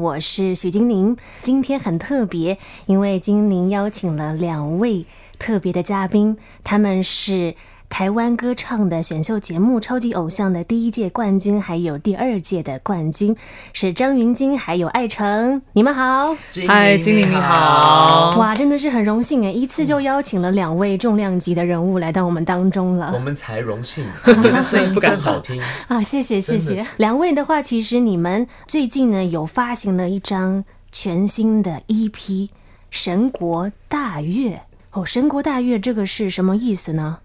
我是許金寧，今天很特別，因為金寧邀請了兩位特別的嘉賓，他們是。台灣歌唱的選秀節目《超級偶像》的第一屆冠軍，還有第二屆的冠軍是張芸京，還有艾成，你們好，嗨，金寧你好，哇，真的是很榮幸誒，一次就邀請了兩位重量級的人物來到我們當中了。嗯、我們才榮幸， 所以不敢好聽好啊。謝謝謝謝兩位的話，其實你們最近呢有發行了一張全新的 EP 神、哦《神國大樂》哦，《神國大樂》這個是什麼意思呢？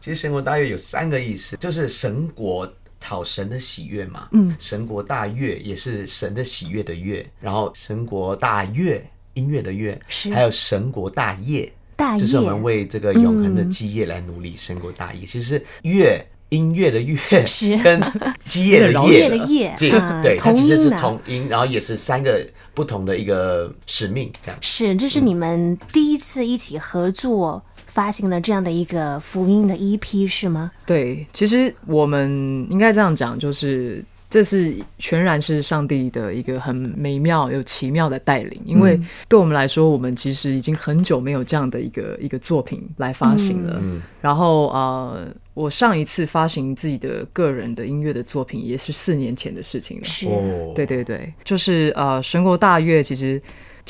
其實神國大樂有三個意思，就是神國討神的喜悅嘛，嗯，神國大樂也是神的喜悅的樂，然後神國大樂音樂的樂，是還有神國大業，大業，就是我們為這個永恆的基業來努力。神國大業、嗯、其實是樂音樂的樂，嗯、跟基業的，、啊、的，業的業，啊、對的，它其實是同音，然後也是三個不同的一個使命，這樣。是，這、就是你們第一次一起合作。嗯發行了這樣的一個福音的 EP，是嗎？對，其實我們應該這樣講，就是這是全然是上帝的一個很美妙又奇妙的帶領，因為對我們來說、嗯，我們其實已經很久沒有這樣的一個一個作品來發行了。嗯、然後呃，我上一次發行自己的個人的音樂的作品也是四年前的事情了。是，對對對，就是呃，神國大樂其實。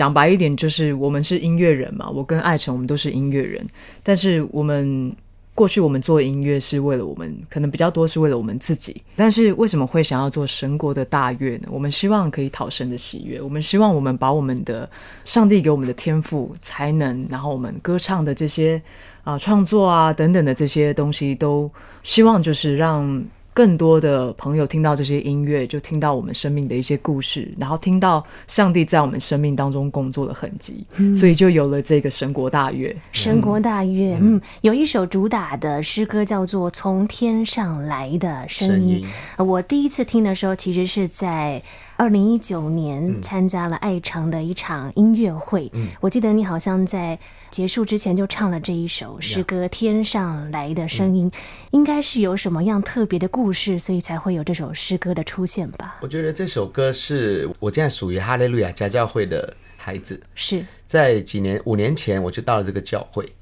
講白一點，就是我們是音樂人嘛。我跟艾成，我們都是音樂人。但是我們過去我們做音樂是為了我們，可能比較多是為了我們自己。但是為什麼會想要做神國的大樂呢？我們希望可以討神的喜悅。我們希望我們把我們的上帝給我們的天賦才能，然後我們歌唱的這些啊、呃、創作啊等等的這些東西，都希望就是讓。更多的朋友聽到這些音樂，就聽到我們生命的一些故事，然後聽到上帝在我們生命當中工作的痕跡、嗯，所以就有了這個神國大樂。神國大樂、嗯，嗯，有一首主打的詩歌叫做《從天上來的聲音》。聲音。我第一次聽的時候，其實是在二零一九年參加了艾成的一場音樂會、嗯。我記得你好像在。結束之前就唱了這一首詩歌 yeah，《天上來的聲音》嗯，應該是有什麼樣特別的故事，所以才會有這首詩歌的出現吧？我覺得這首歌是我現在屬於哈利路亞家教會的孩子。是在幾年，五年前我就到了這個教會，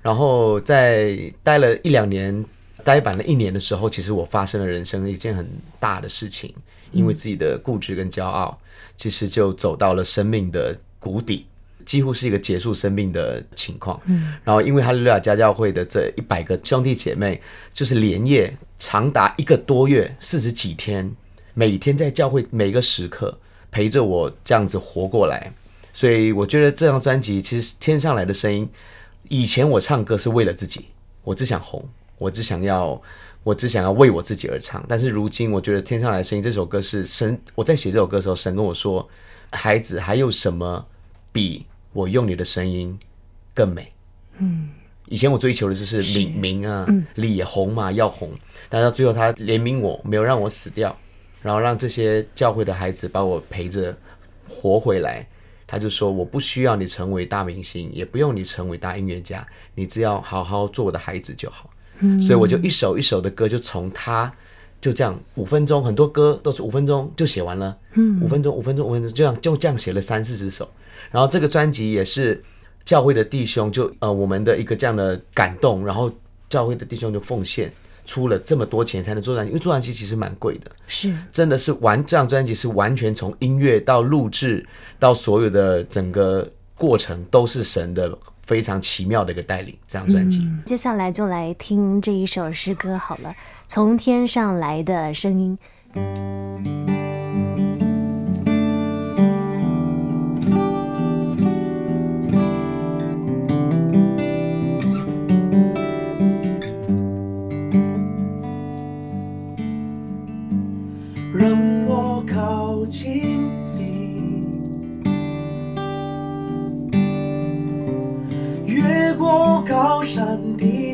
然後在待了一兩年，呆板了一年的時候，其實我發生了人生一件很大的事情，因為自己的固執跟驕傲，嗯。其實就走到了生命的谷底。幾乎是一個結束生命的情況，嗯，然後因為哈利路亞家教會的這一百個兄弟姐妹，就是連夜長達一個多月四十幾天，每天在教會每個時刻陪着我這樣子活過來，所以我覺得這張專輯其實天上來的聲音。以前我唱歌是為了自己，我只想紅，我只想要，我只想要為我自己而唱，但是如今我覺得天上來的聲音這首歌是神。我在寫這首歌的時候，神跟我說，孩子，還有什麼比我用你的聲音更美。嗯，以前我追求的就是李明啊，李也紅嘛，要紅，但到最後他憐憫我，沒有讓我死掉，然後讓這些教會的孩子把我陪着活回來。他就說，我不需要你成為大明星，也不用你成為大音樂家，你只要好好做我的孩子就好。所以我就一首一首的歌就從他。就這樣，五分鐘，很多歌都是五分鐘就寫完了。嗯，五分鐘，五分鐘，五分鐘，就這樣，就這樣寫了三四十首。然後這個專輯也是教會的弟兄就呃我們的一個這樣的感動，然後教會的弟兄就奉獻出了這麼多錢才能做專輯，因為做專輯其實蠻貴的。是，真的是完這張專輯是完全從音樂到錄製到所有的整個過程都是神的。非常奇妙的一個帶領，這張專輯。接下來就來聽這一首詩歌好了，《從天上來的聲音》。嗯。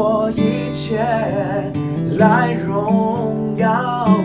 我一切來榮耀。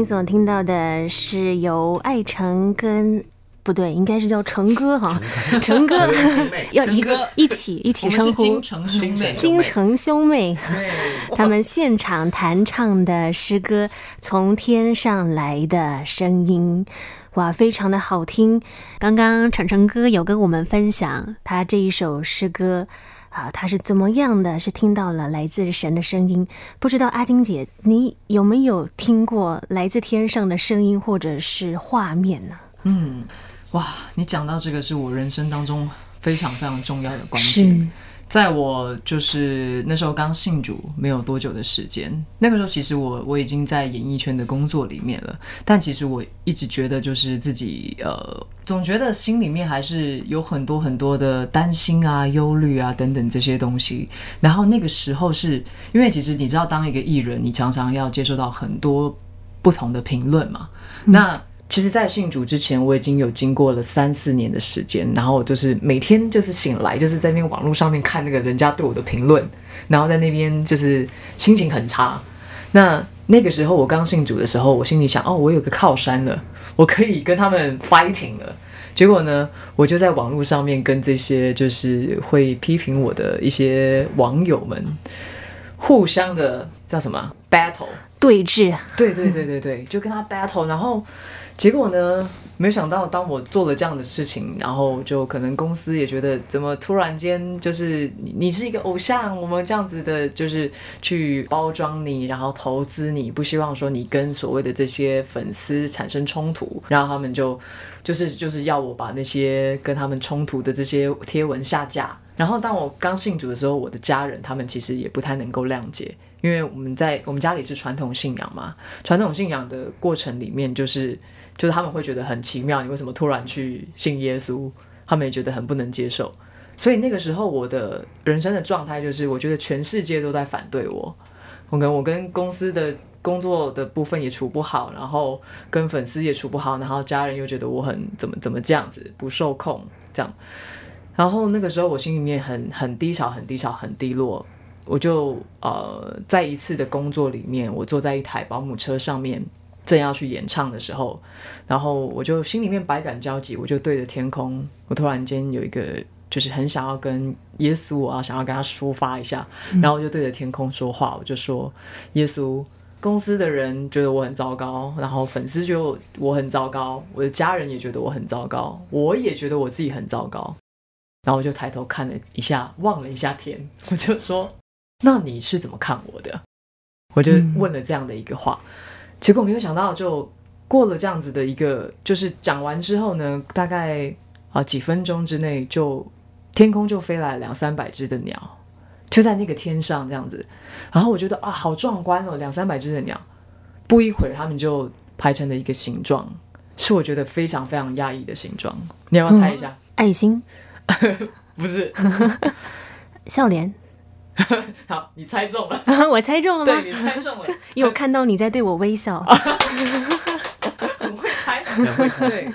你所聽到的是由艾成跟不對，應該是叫成， 成，成哥哈，成哥要一一起一起稱呼金城兄妹。金城兄妹，兄妹妹 他們現場彈唱的詩歌《從天上來的聲音》，哇，非常的好聽。剛剛成成哥有跟我們分享他這一首詩歌。啊，他是怎麼樣的是聽到了來自神的聲音？不知道阿金姐，你有沒有聽過來自天上的聲音或者是畫面呢、啊？嗯，哇，你講到這個是我人生當中非常非常重要的關係在我就是那時候剛信主沒有多久的時間，那個時候其實我我已經在演藝圈的工作裡面了，但其實我一直覺得就是自己呃總覺得心裡面還是有很多很多的擔心啊、憂慮啊等等這些東西。然後那個時候是因為其實你知道，當一個藝人，你常常要接受到很多不同的評論嘛、嗯，那。其實，在信主之前，我已經有經過了三四年的時間，然後就是每天就是醒來，就是在那邊網絡上面看那個人家對我的評論，然後在那邊就是心情很差。那那個時候我剛信主的時候，我心裡想，哦，我有個靠山了，我可以跟他們 fighting 了。結果呢，我就在網絡上面跟這些就是會批評我的一些網友們互相的叫什麼 battle 對峙啊，對對對對對，就跟他 battle，然後。結果呢？沒有想到，當我做了這樣的事情，然後就可能公司也覺得怎麼突然間就是你，你是一個偶像，我們這樣子的就是去包裝你，然後投資你，不希望說你跟所謂的這些粉絲產生衝突，然後他們就就是就是要我把那些跟他們衝突的這些貼文下架。然後當我剛信主的時候，我的家人他們其實也不太能夠諒解，因為我們在我們家裡是傳統信仰嘛，傳統信仰的過程裡面就是。就是他們會覺得很奇妙，你為什麼突然去信耶穌？他們也覺得很不能接受。所以那個時候，我的人生的狀態就是，我覺得全世界都在反對我。我跟我跟公司的工作的部分也處不好，然後跟粉絲也處不好，然後家人又覺得我很怎麼怎麼這樣子不受控這樣。然後那個時候，我心裡面很很低潮、很低潮、很低落。我就呃，在一次的工作裡面，我坐在一台保姆車上面。正要去演唱的時候，然後我就心裡面百感交集，我就對着天空，我突然間有一個就是很想要跟耶穌啊，想要跟他抒發一下、嗯，然後我就對着天空說話，我就說：“耶穌，公司的人覺得我很糟糕，然後粉絲就我很糟糕，我的家人也覺得我很糟糕，我也覺得我自己很糟糕。”然後我就抬頭看了一下，望了一下天，我就說：“那你是怎麼看我的？”嗯、我就問了這樣的一個話。結果沒有想到，就過了這樣子的一個，就是講完之後呢，大概啊幾分鐘之內就，就天空就飛來了兩三百隻的鳥，就在那個天上這樣子。然後我覺得啊，好壯觀哦，兩三百隻的鳥，不一會兒他們就排成了一個形狀，是我覺得非常非常壓抑的形狀。你要不要猜一下？嗯，愛心？ 不是，笑，笑臉。 好，你猜中了，我猜中了嗎？對，你猜中了， 有看到你在對我微笑， 很會猜， 對，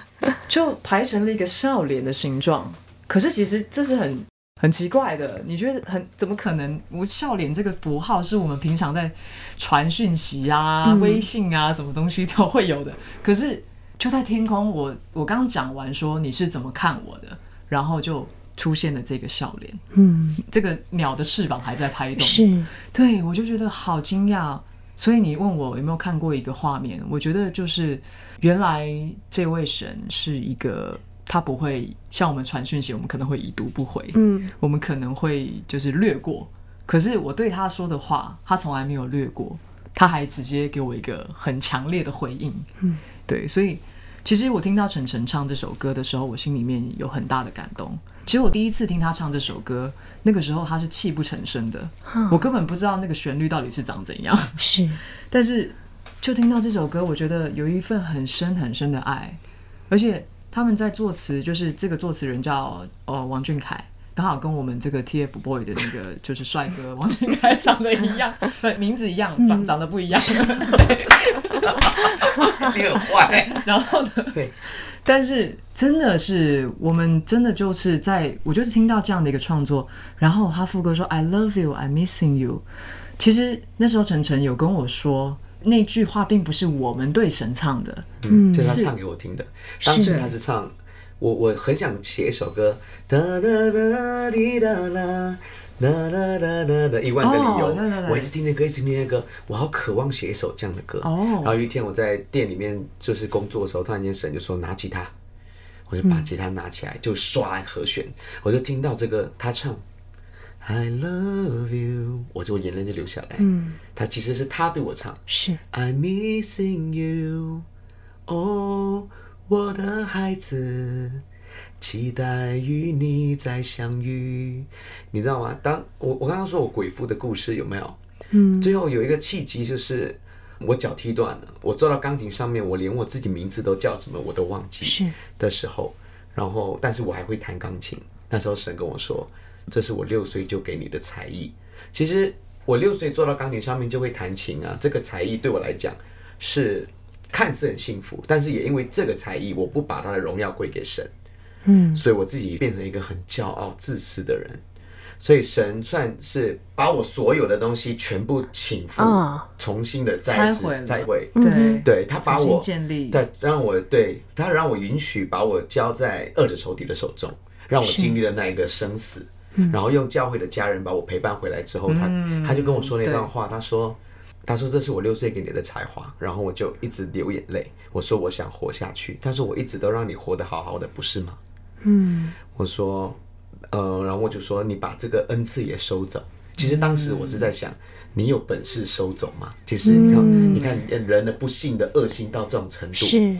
就排成了一個笑臉的形狀。可是其實這是很很奇怪的，你覺得很怎麼可能？我笑臉這個符號是我們平常在傳訊息啊、嗯、微信啊什麼東西都會有的，可是就在天空我，我我剛講完說你是怎麼看我的，然後就。出現了這個笑臉，嗯，這個鳥的翅膀還在拍動，是，對我就覺得好驚訝。所以你問我有沒有看過一個畫面，我覺得就是原來這位神是一個，他不會像我們傳訊息，我們可能會已讀不回，嗯，我們可能會就是略過，可是我對他說的話，他從來沒有略過，他還直接給我一個很強烈的回應，嗯，對，所以。其實我聽到晨晨唱這首歌的時候，我心裡面有很大的感動。其實我第一次聽他唱這首歌，那個時候他是泣不成聲的，我根本不知道那個旋律到底是長怎樣。是，但是就聽到這首歌，我覺得有一份很深很深的愛，而且他們在作詞，就是這個作詞人叫呃王俊凱。剛好跟我們這個 TFBOYS 的那個就是帥哥王俊凱長得一樣，對，名字一樣，長長得不一樣。嗯、對，你很壞。然後呢？對。但是真的是，我們真的就是在我就是聽到這樣的一個創作，然後他副歌說 I love you, I'm missing you。其實那時候晨晨有跟我說，那句話並不是我們對神唱的、嗯，嗯，就是他唱給我聽的。當時他是唱。我我很想寫一首歌，噠噠噠滴噠啦，噠噠噠噠噠，一萬個理由。Oh, right, right. 我一直聽那歌，一直聽那歌，我好渴望寫一首這樣的歌。Oh. 然後有一天我在店裡面就是工作的時候，突然間神就說拿吉他，我就把吉他拿起來，嗯、就刷來和弦，我就聽到這個他唱，I love you，我就眼淚就流下來。嗯，他其實是他對我唱，是 I'm missing you，哦、oh。我的孩子，期待與你再相遇。你知道嗎？當我我剛剛說我鬼父的故事有沒有？嗯，最後有一個契機，就是我腳踢斷了，我坐到鋼琴上面，我連我自己名字都叫什麼我都忘記的時候。是。然後但是我還會彈鋼琴。那時候神跟我說，這是我六歲就給你的才藝。其實我六歲坐到鋼琴上面就會彈琴啊，這個才藝對我來講是。看似很幸福，但是也因為這個才藝，我不把他的榮耀歸給神，嗯，所以我自己變成一個很驕傲、自私的人，所以神算是把我所有的東西全部傾覆，哦，重新的再回再毀、嗯，對，對他把我建立對讓我對他讓我允許把我交在惡者仇敵的手中，讓我經歷了那一個生死、嗯，然後用教會的家人把我陪伴回來之後，他、嗯、他就跟我說那段話，他說。他說：“這是我六歲給你的才華。”然後我就一直流眼淚。我說：“我想活下去。”他說：“我一直都讓你活得好好的，不是嗎？”嗯。我說：“呃，然後我就說，你把這個恩賜也收走。”其實當時我是在想、嗯，你有本事收走嗎？其實你看，嗯、你看人的不幸的惡心到這種程度，是。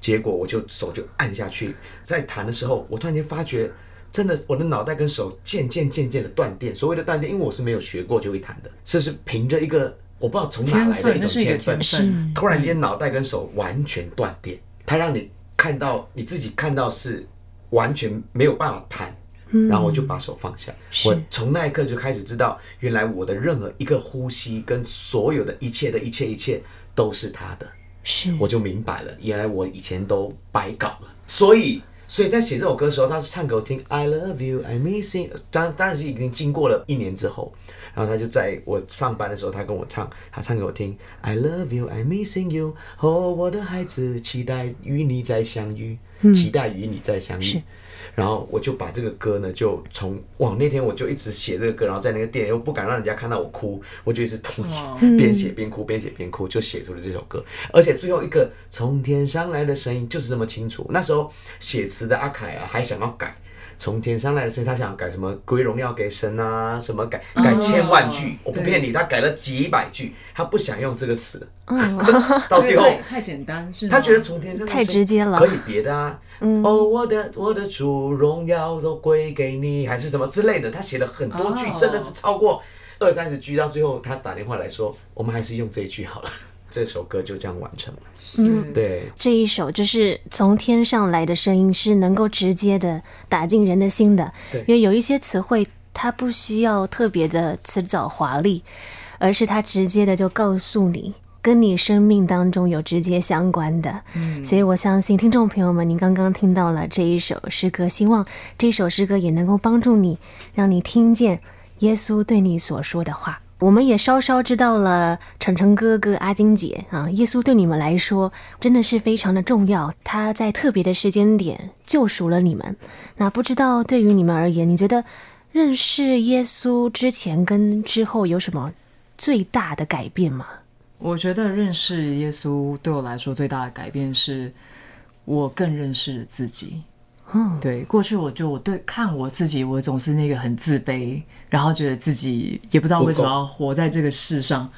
結果我就手就按下去，在彈的時候，我突然間發覺，真的，我的腦袋跟手漸漸漸漸的斷電。所謂的斷電，因為我是沒有學過就會彈的，這是憑着一個。我不知道從哪來的一種天分，天分是天分，突然間腦袋跟手完全斷電、嗯，它讓你看到你自己看到是完全沒有辦法彈、嗯，然後我就把手放下。我從那一刻就開始知道，原來我的任何一個呼吸跟所有的一切的一切一切都是他的。是，我就明白了，原來我以前都白搞了，所以。所以在寫這首歌的時候，他是唱給我聽。I love you, I'm missing。當然當然是已經經過了一年之後，然後他就在我上班的時候，他跟我唱，他唱給我聽。I love you, I'm missing you。哦，我的孩子，期待與你再相遇，嗯，期待與你再相遇。然後我就把這個歌呢，就從哇那天我就一直寫這個歌，然後在那個店又不敢讓人家看到我哭，我就一直痛寫，邊寫邊哭，邊寫邊哭，就寫出了這首歌。而且最後一個從天上來的聲音就是這麼清楚。那時候寫詞的阿凱啊，還想要改。從天上來的時候，他想改什麼歸榮耀給神啊什麼改改千萬句，oh, 我不騙你，他改了幾百句，他不想用這個詞，oh, 到最後對對太簡單是、哦、他覺得從天上來是太直接了，可以別的啊，哦我的我的主榮耀都歸給你還是什麼之類的，他寫了很多句，oh. 真的是超過二三十句，到最後他打電話來說，我們還是用這一句好了。這首歌就這樣完成了。嗯，對嗯，這一首就是從天上來的聲音，是能夠直接的打進人的心的。對，因為有一些詞彙，它不需要特別的詞藻華麗，而是它直接的就告訴你，跟你生命當中有直接相關的。嗯，所以我相信聽眾朋友們，您剛剛聽到了這一首詩歌，希望這首詩歌也能夠幫助你，讓你聽見耶穌對你所說的話。我們也稍稍知道了成成哥哥、阿京姐啊，耶穌對你們來說真的是非常的重要，他在特別的時間點救贖了你們。那不知道對於你們而言，你覺得認識耶穌之前跟之後有什麼最大的改變嗎？我覺得認識耶穌對我來說最大的改變是我更認識自己。嗯， 對，過去我就我對看我自己，我總是那個很自卑，然後覺得自己也不知道為什麼要活在這個世上，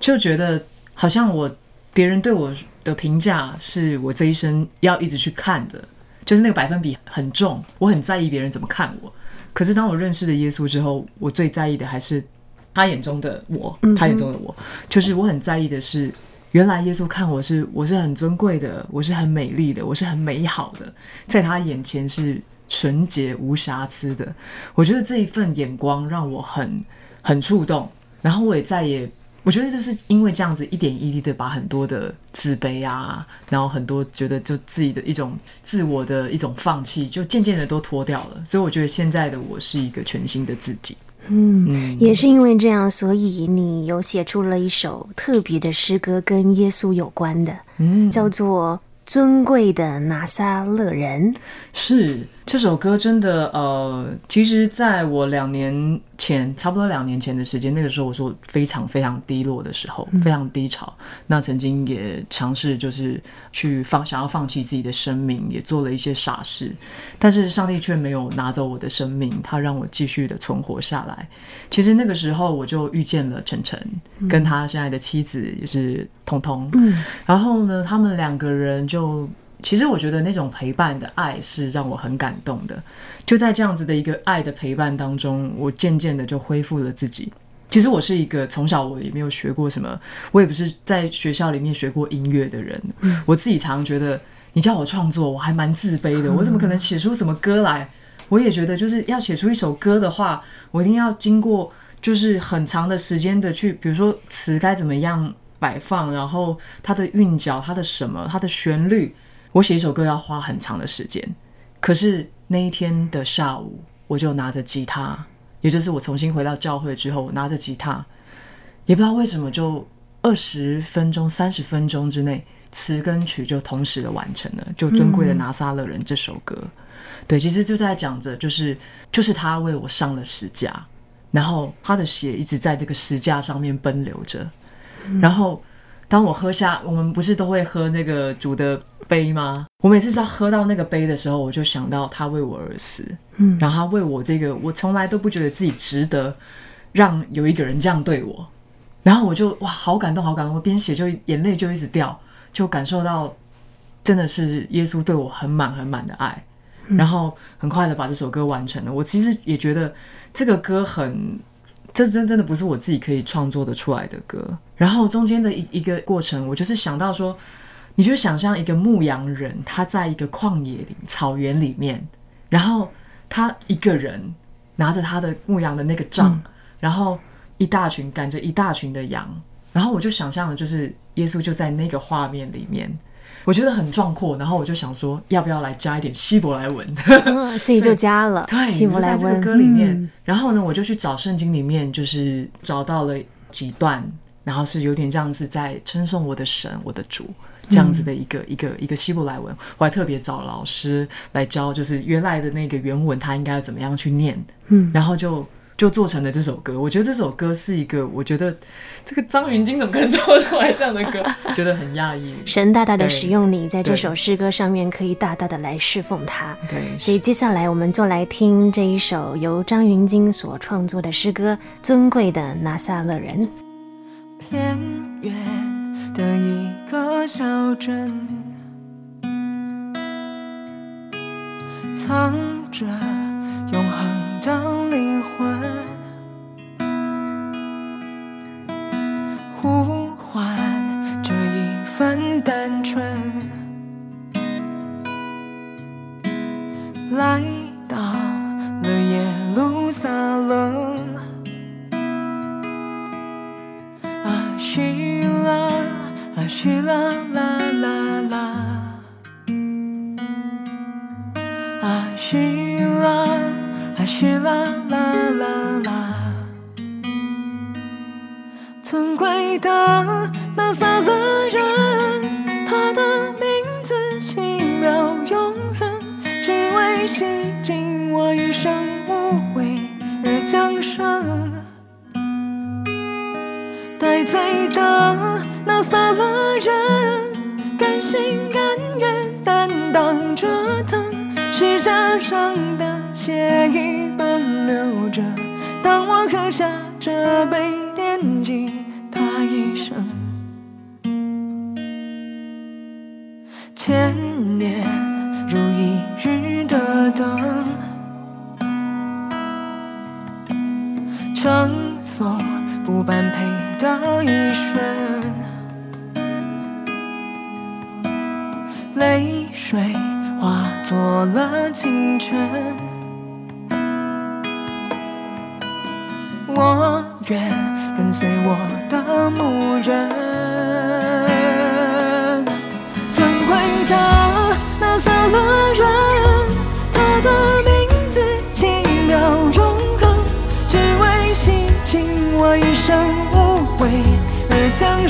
就覺得好像我別人對我的評價是我這一生要一直去看的，就是那個百分比很重，我很在意別人怎麼看我。可是當我認識了耶穌之後，我最在意的還是他眼中的我，嗯、他眼中的我，就是我很在意的是。原來耶穌看我是，我是很尊貴的，我是很美麗的，我是很美好的，在他眼前是純潔無瑕疵的。我覺得這一份眼光讓我很很觸動，然後我也再也，我覺得就是因為這樣子一點一滴的把很多的自卑啊，然後很多覺得就自己的一種自我的一種放棄，就漸漸的都脫掉了。所以我覺得現在的我是一個全新的自己。嗯，也是因為這樣，嗯，所以你有寫出了一首特別的詩歌，跟耶穌有關的，嗯，叫做《尊貴的拿撒勒人》。是。這首歌真的，呃，其實在我兩年前，差不多兩年前的時間，那個時候我說非常非常低落的時候，嗯、非常低潮，那曾經也嘗試就是去放想要放棄自己的生命，也做了一些傻事，但是上帝卻沒有拿走我的生命，他讓我繼續的存活下來。其實那個時候我就遇見了晨晨，嗯、跟他現在的妻子也是彤彤，嗯，然後呢，他們兩個人就。其實我覺得那種陪伴的愛是讓我很感動的。就在這樣子的一個愛的陪伴當中，我漸漸的就恢復了自己。其實我是一個從小我也沒有學過什麼，我也不是在學校裡面學過音樂的人，嗯。我自己常常覺得，你叫我創作，我還蠻自卑的。我怎麼可能寫出什麼歌來？我也覺得，就是要寫出一首歌的話，我一定要經過就是很長的時間的去，比如說，詞該怎麼樣擺放，然後它的韻腳、它的什麼、它的旋律。我寫一首歌要花很長的時間，可是那一天的下午，我就拿着吉他，也就是我重新回到教會之後，我拿着吉他，也不知道為什麼就20，就二十分鐘、三十分鐘之內，詞跟曲就同時的完成了，就尊貴的拿撒勒人這首歌。嗯、對，其實就在講着，就是就是他為我上了十架，然後他的血一直在這個十架上面奔流着，然後。當我喝下，我們不是都會喝那個主的杯嗎？我每次在喝到那個杯的時候，我就想到他為我而死，嗯，然後他為我這個，我從來都不覺得自己值得讓有一個人這樣對我，然後我就哇，好感動，好感動！我邊寫就眼淚就一直掉，就感受到真的是耶穌對我很滿、很滿的愛，然後很快的把這首歌完成了。我其實也覺得這個歌很。這真真的不是我自己可以創作的出來的歌。然後中間的一一個過程，我就是想到說，你就想象一個牧羊人，他在一個曠野裡、草原裡面，然後他一個人拿着他的牧羊的那個杖，嗯、然後一大群趕着一大群的羊，然後我就想象的就是耶穌就在那個畫面裡面。我覺得很壯闊，然後我就想說，要不要來加一點希伯來文？ 所以就加了 對希伯來文。在歌裡面、嗯，然後呢，我就去找聖經裡面，就是找到了幾段，然後是有點這樣子在稱頌我的神、我的主這樣子的一個、嗯、一個一個希伯來文。我還特別找老師來教，就是原來的那個原文，他應該要怎麼樣去念。嗯，然後就。就做成了這首歌。我覺得這首歌是一個，我覺得這個張芸京怎麼可能做出來這樣的歌？ 覺得很訝異。神大大的使用你，在這首詩歌上面可以大大的來侍奉他。對，對，所以接下來我們就來聽這一首由張芸京所創作的詩歌《 尊貴的拿撒勒人》。偏遠的一個小鎮，藏着永恆的。戴罪的拿撒勒人，甘心甘願擔當着他，十字架上的血一般流著，當我喝下這杯奠祭。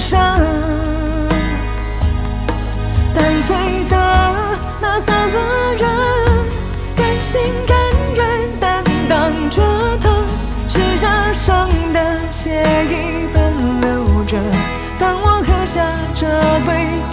傷，帶醉的那三個人，甘心甘願擔當着疼，十架上的血一般流着，當我喝下這杯。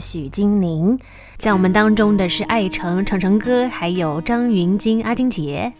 許金寧在我們當中的是艾成成成哥，還有張芸京阿京姐。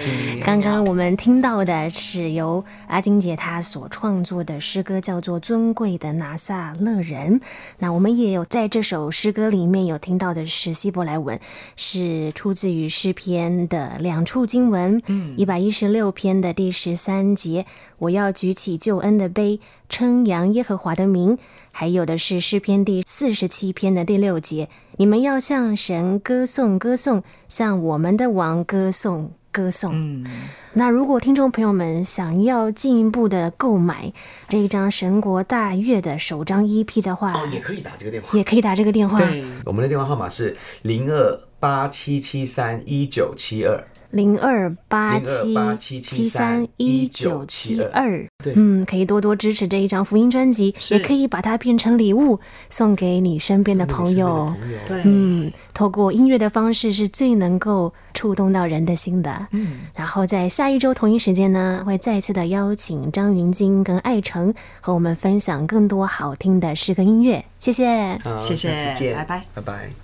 剛剛我們聽到的是由阿京姐她所創作的詩歌，叫做《尊貴的拿撒勒人》。那我們也有在這首詩歌裡面有聽到的是希伯來文，是出自於詩篇的兩處經文，一百一十六篇的第十三節，嗯，我要舉起救恩的杯，稱揚耶和華的名。還有的是詩篇第四十七篇的第六節，你們要向神歌頌歌頌，向我們的王歌頌歌頌。嗯，那如果聽眾朋友們想要進一步的購買這一張《神國大樂》的首張 EP 的話，哦，也可以打這個電話，也可以打這個電話。對，嗯，我們的電話號碼是零二八七七三一九七二。零二八七七三一九七二，嗯，可以多多支持這一張福音專輯，也可以把它變成禮物送給你身邊的朋友。朋友嗯，對，透過音樂的方式是最能夠觸動到人的心的。嗯，然後在下一周同一時間呢，會再次的邀請張芸京跟艾成和我們分享更多好聽的詩歌音樂。謝謝，謝謝，再見，拜拜，拜拜。